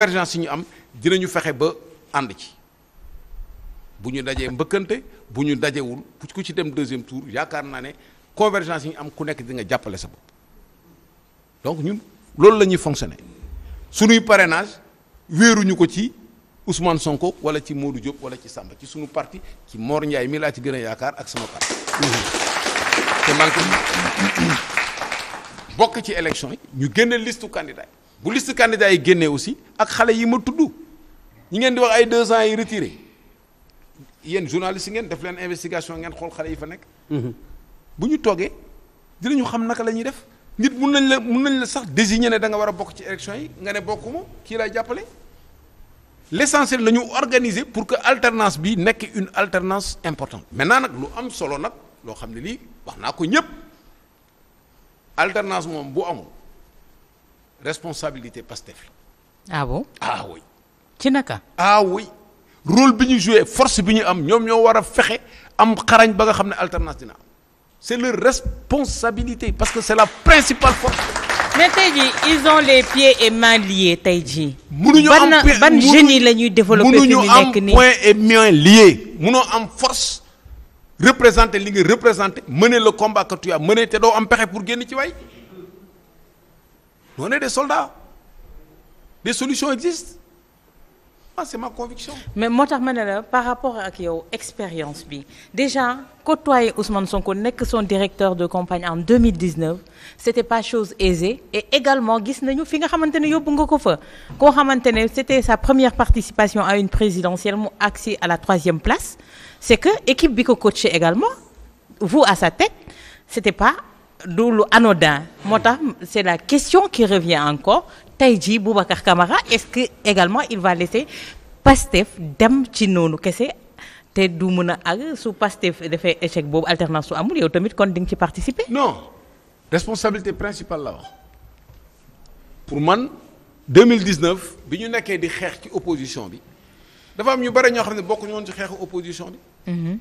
convergence yi ñu am dinañu fexe ba ànd ci bu ñu dajee mbëkkante bu ñu dajewul ku ci dem deuxième tour yaakaar naa ne convergence yi ñu am ku nekk di nga jàppale sa bopp donc ñun loolu la ñuy fonctionner suñuy parenage wéeruñu ko ci Ousmane Sonko wala ci Modou Diop wala ci Samba ci suñu parti ci Mor Ndiaye mi laa ci gën yaakaar ak sama parti mhm. te man bokk ci élection yi ñu génne listu candidat bu liste candidat yi génnee aussi ak xale yi ma tudd ñi ngeen di wax ay deux ans yi retiré yéen journaliste ngeen def leen investigation ngeen xool xale yi fa nekk. Mhm. bu ñu toogee dinañu xam naka la ñuy def nit mun nañ la mun nañ la sax désigner ne da nga war a bokk ci élection yi nga ne bokkuma kii lay jàppale. l'essentiel la ñu organiser pour que alternance bi nekk une alternance importante maintenant nag lu am solo nag loo xam ne lii wax naa ko ñépp alternance moom bu amul. responsabilité Pastef la. ah bon ah ci naka. ah oui rôle bi ñu joué force bi ñu am ñoom ñoo war a fexe am xarañ ba nga xam ne alternance dina am c'est leur responsabilité parce que c'est la principale force. mais tey ils ont les pieds et mains liés tey jii. mënuñu am ban ban génie la ñuy développé. fi mu nekk nii mënuñu am point et mënoo am force. représenter li nga représenter mener le combat que tu as te doo am pexe pour génn ci waay. on est des soldats des solutions existent ah c'est ma conviction. mais moo tax ma ne par rapport ak yow expérience bi déjà côtoyer Ousmane Sonko nekk son directeur de campagne en 2019 c'était pas chose aisée également gis nañu fi nga xamante ne yóbbu nga ko fa koo xamante ne c'était sa première participation à une présidentielle mu accès la troisième place c'est que équipe bi ko coaché également vous à sa tête c'était pas. du lu anodin moo tax c'est la question qui revient encore tey jii Boubacar Camara est-ce que également il va laisser Pastef dem ci noonu kese te du mën a àgg su Pastef dafay échec boobu alternance su amul yow tamit kon di nga ci participer. non responsabilité principale la pour man 2019 bi ñu nekkee di xeex ci opposition bi dafa am ñu bari ñoo xam ne bokk bokkuñu woon ci xeexu opposition bi. Mhm.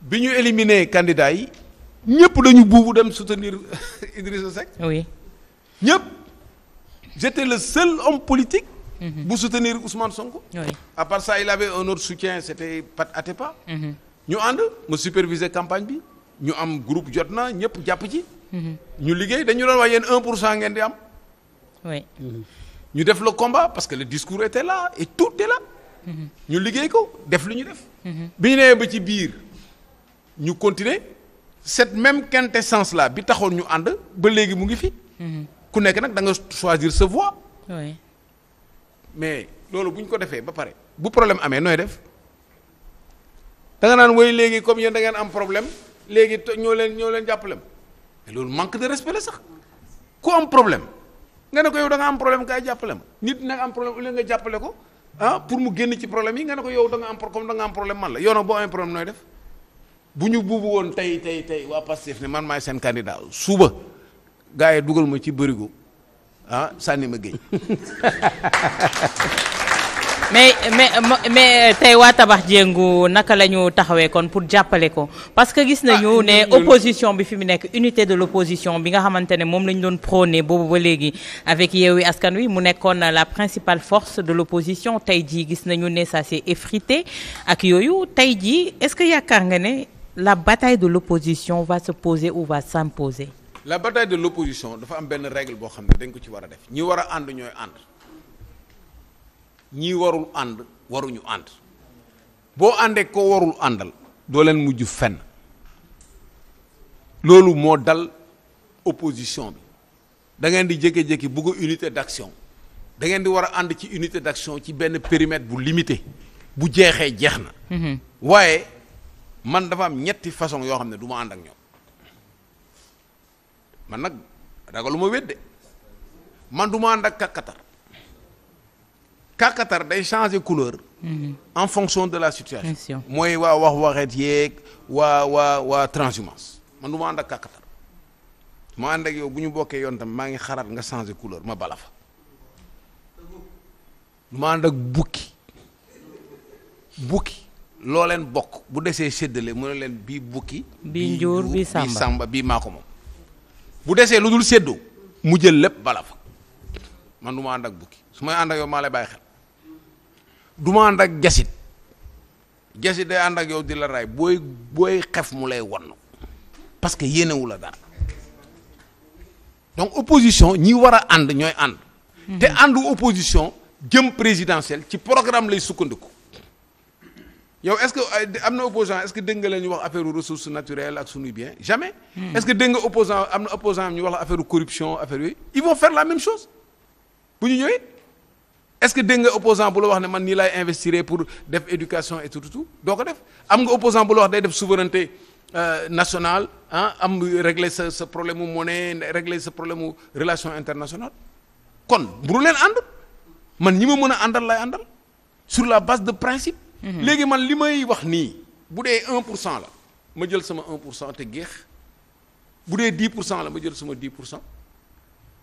bi ñu éliminer candidats yi. ñëpp dañu buubu dem soutenir Idrissa Seck. oui ñëpp j'étais le seul homme politique. Mhm. bu soutenir Ousmane son oui à part ça il avait un autre soutien c'était Pat Atepa. Mhm. ñu ànd ma superviser campagne bi ñu am groupe jot na ñëpp jàpp ci. Mhm. ñu liggéey dañu doon wax yéen un pour cent ngeen di am. ñu def la combat parce que le discours était là et tout la ñu liggéey ko def lu ñu def. bi ñu ba ci biir ñu continuer. cette même quintessence là bi taxoon ñu ànd ba léegi mu ngi fi. ku nekk nag da nga choisir sa voie. mais loolu bu ñu ko defee ba pare bu problème amee nooy def da nga naan woy léegi comme yéen da ngeen am problème léegi ñoo leen ñoo leen jàppale ma loolu manque de respect la sax ku am problème nga ne ko yow da am problème kaay jàppale ma nit nag am problème au lieu nga jàppale ko ah, pour mu génn ci problème yi nga ne ko yow da am comme da la yow nag boo amee problème nooy bu ñu buubu woon tey tey tey waa Pastef ne man maay seen candidat suba gars yi dugal ma ci bërigo ah sànni ma géej. mais mais mais tey waa tabax jéngu naka la ñu taxawee kon pour jàppale ko parce que gis nañu ah, ne opposition bi fi mu nekk unité de l'opposition bi nga xamante ne moom la ñu doon prôné boobu ba léegi avec Yewwi Askan Wi mu nekkoon na la principale force de l'opposition tey jii gis nañu ne ça s'est effrité ak yooyu tey jii est-ce que yaakaar nga ne la bataille de l'opposition va se poser ou va s'imposer la bataille de l'opposition dafa am benn règle boo xam ne dañ ko ci war a def ñi war a ànd ñooy ànd ñi warul ànd waruñu ànd boo àndee koo warul àndal doo leen mujj fenn loolu moo dal opposition bi da ngeen di jékki-jékki bugg unité d'action da ngeen di war a ànd ci unité d'action ci benn périmètre bu limité bu jeexee jeex na mhm. waaye man dafa am ñetti façon yoo xam ne duma ànd ak ñoom man nag ragalu ma wedde man du ma ànd ak kàkkatar kàkkatar day changer couleur mhm. en fonction de la situation mooy waa wax waxeet yeeg waa waa waa transhumance man du ànd ak kàkkatar ma ànd ak yow bu ñu bokkee yoon tam maa ngi xarat nga changer couleur ma bala fa du ànd ak bukki bukki loo leen bokk bu desee séddale mu ne leen bii bukki bii njuur bii sàmba bii maa ko moom bu desee lu dul séddoo mu jël lépp bala fa man du ànd ak bukki su may ànd ak yow maa lay bàyyi xel du ànd ak jasit jasit day ànd ak yow di la raay booy booy xef mu lay wonn parce que yéenewu la dara donc opposition ñi war a ànd ñooy ànd mm-hmm. te àndu opposition jëm présidentielle ci programme lay sukkandiku yow est-ce que euh, am na opposant est-ce que dégg nga leen ñu wax affaire ressources naturelles ak suñuy bien jamais. Hmm. est-ce que dégg nga am na opposant ñu wax affaire corruption affaire yooyu ils vont faire la même chose bu ñu ñëwee est-ce que dégg nga opposant bu la wax ne man nii laay investir pour def éducation et tout tout doo ko def am nga opposant bu la wax day def souveraineté euh, nationale ah am régler sa sa problème mu monnaie régler sa problème mu relation internationale kon bu leen ànd ñi ma mën a àndal lay àndal sur la base de principe. Mhm. léegi man li may wax nii bu dee un pour la ma jël sama un pour cent te géex bu dee dix pour cent la ma jël sama di pour cent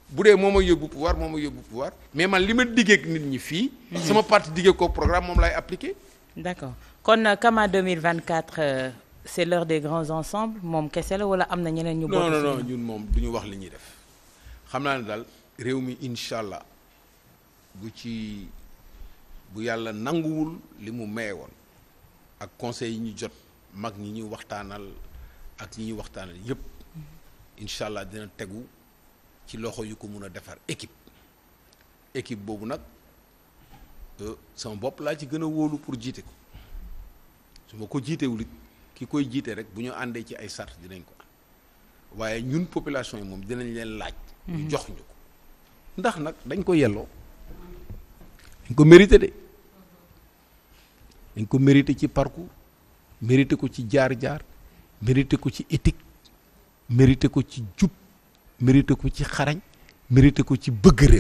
bu dee moo ma yóbbu pouvoir moo ma yóbbu pouvoir mais man li ma diggeek nit ñi fii mhm. sama parti diggee ko programme moom lay appliqué d'accord kon euh, Kama 2024 euh, c'est l'heure des grands ensembles moom kese la wala am na ñeneen ñu bokk non non ñun moom du ñu wax li ñuy def xam naa ne daal réew mi incha allah bu ci bu yàlla nanguwul li mu maye woon ak conseil yi ñu jot mag ñi ñuy waxtaanal ak ñi ñuy waxtaanal yépp incha allah dina tegu ci loxo yu ko mun a defar équipe équipe boobu nag euh, sama bopp laa ci gën a wóolu pour jiite ko su ma ko jiitewul it ki koy jiite rek bu ñu àndee ci ay sart dinañ ko am waaye ñun population yi moom dinañ leen laaj. ñu mhm. jox ñu ko ndax nag dañ ko yelloo dañ ko mérité de. dañ ko mérité ci parcours mérité ko ci jaar-jaar mérité ko ci éthique mérité ko ci jub mérité ko ci xarañ mérité ko ci bëgg